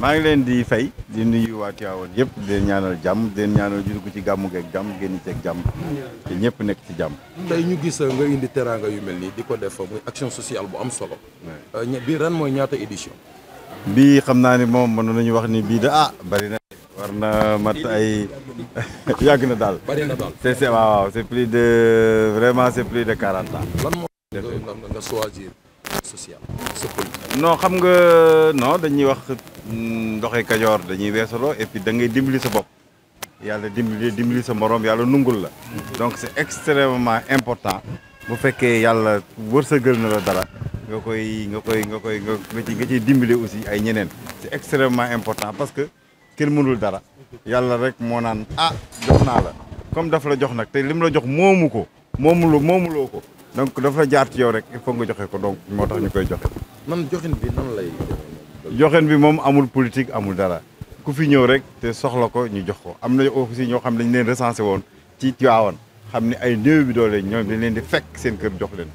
maa ngi leen di fay di nuyu waa Tivaouane yëpp di leen ñaanal jàmm di leen ñaanal ñu ci gàmmu geeg jàmm génn ceeg jàmm te ñëpp nekk ci jàmm. tey ñu gis nga indi teraanga yu mel nii di ko def muy action sociale bu am solo. Euh, bi ren mooy ñaata édition. bii xam naa ni moom mënoon nañu wax ni bii da ah bari na. war na mat ay yàgg na daal. bari na daal c'est waaw c'est plus de vraiment c'est plus de quarante ans. lan moo social sa politique. non xam nga non dañuy wax mm, ndoxee kajoor dañuy weesaloo et puis da ngay dimbali sa bopp yàlla dimbali dimbali sa moroom yàlla nungul la. donc c'est extrêmement important. bu fekkee yàlla wërsëgal na la dara. nga koy nga koy nga koy nga ci nga ciy dimbali aussi ay ñeneen. c'est extrêmement important parce que kenn mënul dara. yàlla rek moo naan ah jox naa la. comme daf la jox nag te lim la jox moomu ko moomuloo moomuloo ko. donc dafa jaar ci yow rek il faut nga joxe ko donc moo tax ñu koy joxe. man joxin bi nan lay. joxin bi moom amul politique amul dara ku fi ñëw rek te soxla ko ñu jox ko am na aussi ñoo xam ne dañ leen recensé woon ci Tivaouane xam ni ay néew bi doole ñoom dañ leen di fekk seen kër jox leen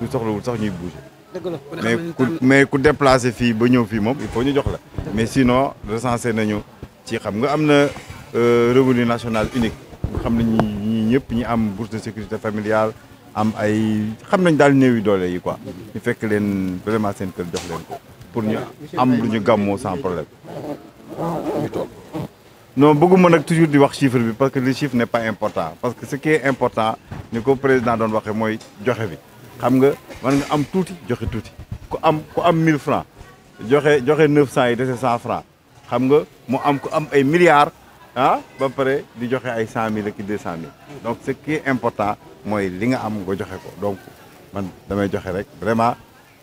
ñu soxlawul sax ñuy bouger. mais ku mais ku déplacé fii ba ñëw fii moom il faut ñu jox la. mais sinon recensé nañu ci xam nga am na euh, revenu national unique xam ne ñi ñii ñëpp ñi am bourse de sécurité familiale. am ay xam nañ daal néew doole yi quoi ñu fekk leen vraiment seen kër jox leen ko pour ñu am ñu gàmmoo sans problème ñu toog non bëgguma nag toujours di wax chiffre bi parce que le chiffre n'est pas important parce que ce qui important ni ko président doon waxee mooy joxe bi xam nga man nga am tuuti joxe tuuti ku am ku am mille francs joxe joxe 900 yi dese 100 francs xam nga mu am ku am ay milliards ah ba pare di joxe ay cent mille ak deux cent mille donc ce important mooy li nga am nga joxe ko donc man damay joxe rek vraiment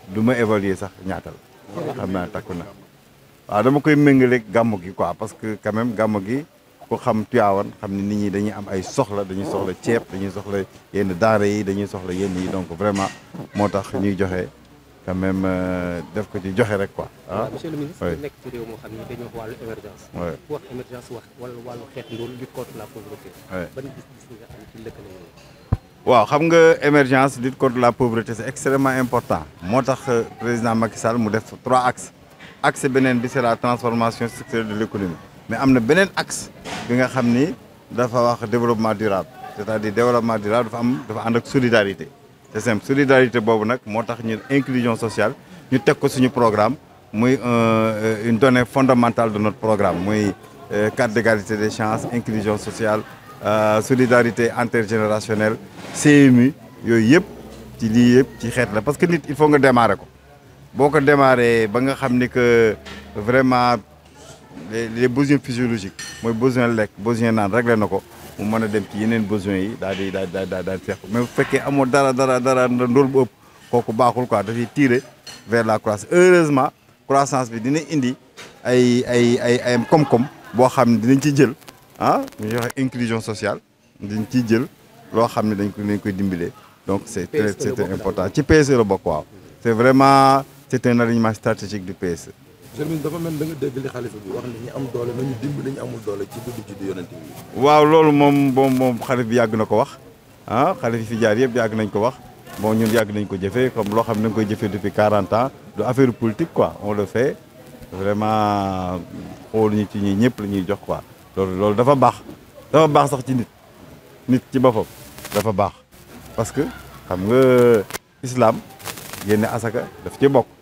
du ma évaluer sax ñaatal xam naa takku na waaw dama koy méngaleeg gàmmu gi quoi parce que quand même gàmmu gi ku xam Tivaouane xam ni nit ñi dañuy am ay soxla dañuy soxla ceeb dañuy soxla yenn daara yi dañuy soxla yenn yi donc vraiment moo tax ñuy joxe même euh, def ko ci joxe rek quoi. ah monsieur le ministre ñu nekk ci waaw wala wàllu xeet la pauvreté. ban gis waaw xam nga émergence du contre la pauvreté c'est extrêmement important. moo tax euh, président Macky Sall mu def trois axes axe beneen bi c'est la transformation structurelle de l'économie mais am na beneen axe bi nga xam ni dafa wax développement durable c'est-à-dire développement durable dafa am dafa ànd ak solidarité. c'est solidarité boobu nag moo tax ñu inclusion sociale ñu teg ko suñu programme muy euh, un donnée fondamentale de notre programme muy euh, cadre d'égalité des chances inclusion sociale euh, solidarité intergénérationnelle CMU yooyu yëpp ci lii yëpp ci xeet la parce que nit il faut nga démarrer ko boo ko démarrer ba nga xam ni que vraiment les besoins physiologiques mooy besoin lekk besoin naan réglé na ko mu mën a dem ci yeneen besoin yi daal di daal di daal di seq mais bu fekkee amoo dara dara dara ndóol bu ëpp kooku baaxul quoi dafay tirer vers la croissance heureusement croissance bi dina indi ay ay ay ay koom boo xam ne dinañ ci jël ah bu ñuy waxee inclusion sociale dinañ ciy jël loo xam ne dañ ko dañ koy dimbalee donc c' est e très c' est important ci PSE la bokk waaw c' est vraiment c' est un alignement stratégique du PSE Serigne dafa mel da nga dégg li xalifa bi wax ñu am doole nañu dimbali ñu amul ci guddi waaw loolu moom moom moom xalifa bi yàgg na ko wax ah xalifa fi jaar yëpp yàgg nañ ko wax bon ñun yàgg nañ ko jëfee comme loo xam ne da nga koy jëfee depuis 40 ans du affaire politique quoi on le fait vraiment xool ñu ci ñi ñëpp lañuy jox quoi loolu loolu dafa baax dafa baax sax ci nit nit ci boppam dafa baax parce que xam nga islam génne asaka daf ci bokk.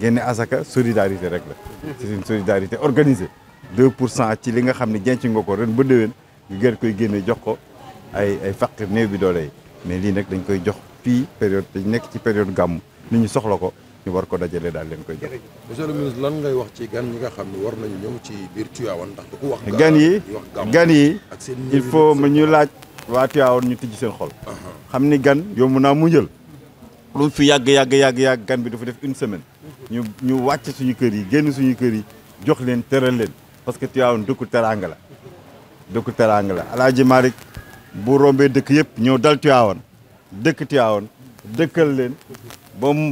génne asaka solidarité rek la c'est une solidarité organisée deux pour cent ci li nga xam ne jenc nga ko ren ba déwén ñu koy génne jox ko ay ay faqir néew bi doole yi mais lii nag dañ koy jox fii période dañ nekk ci période gàmm nit ñu soxla ko ñu war ko dajale daal leen koy jox. monsieur lan ngay wax ci gan ñi nga xam ne war nañu ñëw ci biir Tivaouane ndax du ko wax. gan yi gan yi il faut ma ñu laaj waa Tivaouane ñu tijji seen xol. Uh-huh. xam ni gan yomb naa mu jël. lu fi yàgg yàgg yàgg yàgg gan bi dafa def une semaine ñu ñu wàcc suñu kër yi génn suñu kër yi jox leen tëral leen parce que Tivaouane dëkku teraanga la dëkku teraanga la Alaaji Malick bu rombee dëkk yëpp ñëw dal Tivaouane dëkk Tivaouane dëkkal leen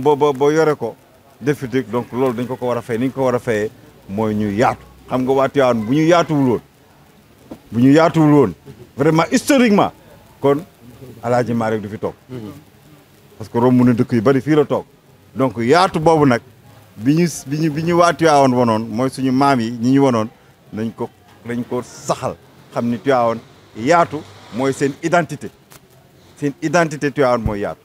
ba ba ba yore ko defi dëkk donc loolu dañ ko ko war a fay ni ñu ko war a fayee mooy ñu yaatu xam nga waa Tivaouane bu ñu yaatuwul woon bu ñu yaatuwul woon vraiment historiquement kon Alaaji Malick du fi toog parce que romb na dëkk yu bari fii la toog donc yaatu boobu nag bi ñu bi ñu bi ñu waa Tiwaawoon wanoon mooy suñu maam yi ñu ñu wanoon nañ ko dañ ko saxal xam ni Tiwaawoon yaatu mooy seen identité seen identité Tiwaawoon mooy yaatu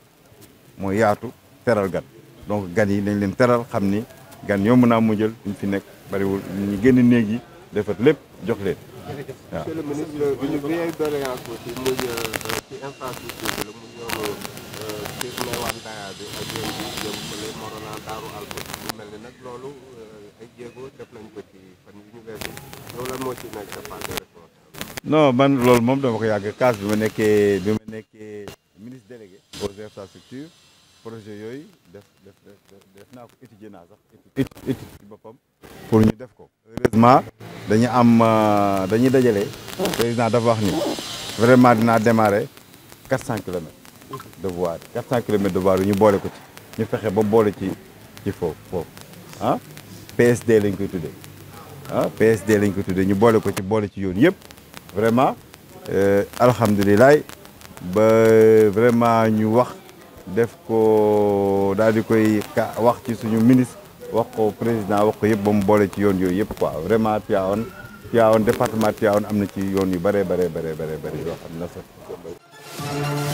mooy yaatu teral gan donc gan yi nañ leen teral xam ni gan yomb naa mu jël ñu fi nekk bariwul ñu génn néeg yi defar lép jox leen dégg nag loolu euh, ay jéego def nañ ko ci fan moo ci nekk sa man loolu moom dama ko yàgg kaas bi ma nekkee bi ma nekkee ministre délégué aux infrastructures projet yooyu def def def naa ko étudier naa sax étude ci boppam pour ñu def ko heureusement dañu am euh, dañuy dajale président dafa wax ni vraiment dinaa démarrer quatre cent kilomètres de voies quatre cent kilomètres de voies ñu boole ko ci ñu fexe ba boole ci ci foofu foofu ah PSD lañ koy tuddee ah PSD lañ koy tuddee ñu boole ko ci boole ci yoon yëpp vraiment euh, alhamdulilah ba vraiment ñu wax def ko daal di koy wax ci suñu ministre wax ko président wax ko yëpp ba mu boole ci yoon yooyu yëpp ko vraiment Tivaouane Tivaouane département Tivaouane am na ci yoon yu bëree bëree bëree bëree bëri yoo am na sax